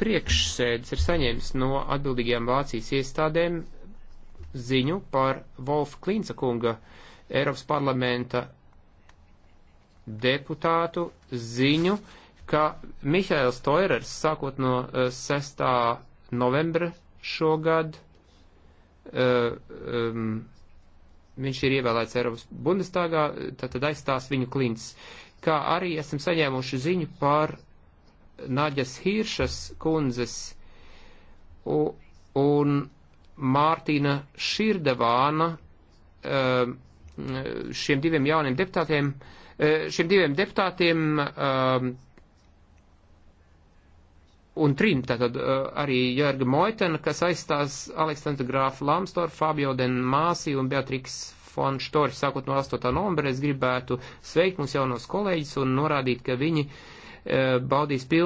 priekšsēdis ir saņēmis no atbildīgajām Vācijas iestādēm ziņu par Wolfa Klīnca kunga Eiropas parlamenta deputātu ziņu, ka Mihails Toirers sākot no 6. Eh, novembra šogad uh, um, viņš ir ievēlēts Eiropas Bundestāgā, tad aizstās viņu klints. Kā arī esam saņēmuši ziņu par Naģas Hiršas kundzes un Mārtīna Širdevāna ehm, šiem diviem jauniem deputātiem, eh, šiem diviem deputātiem ehm, un trim, tātad eh, arī Jörga Moitena, kas aizstās Aleksandru Grāfu Lamstoru, Fabio Den Māsi un Beatriks Fon Štori, sākot no 8. novembra, es gribētu sveikt mūsu jaunos kolēģis un norādīt, ka viņi eh, baudīs pilnu.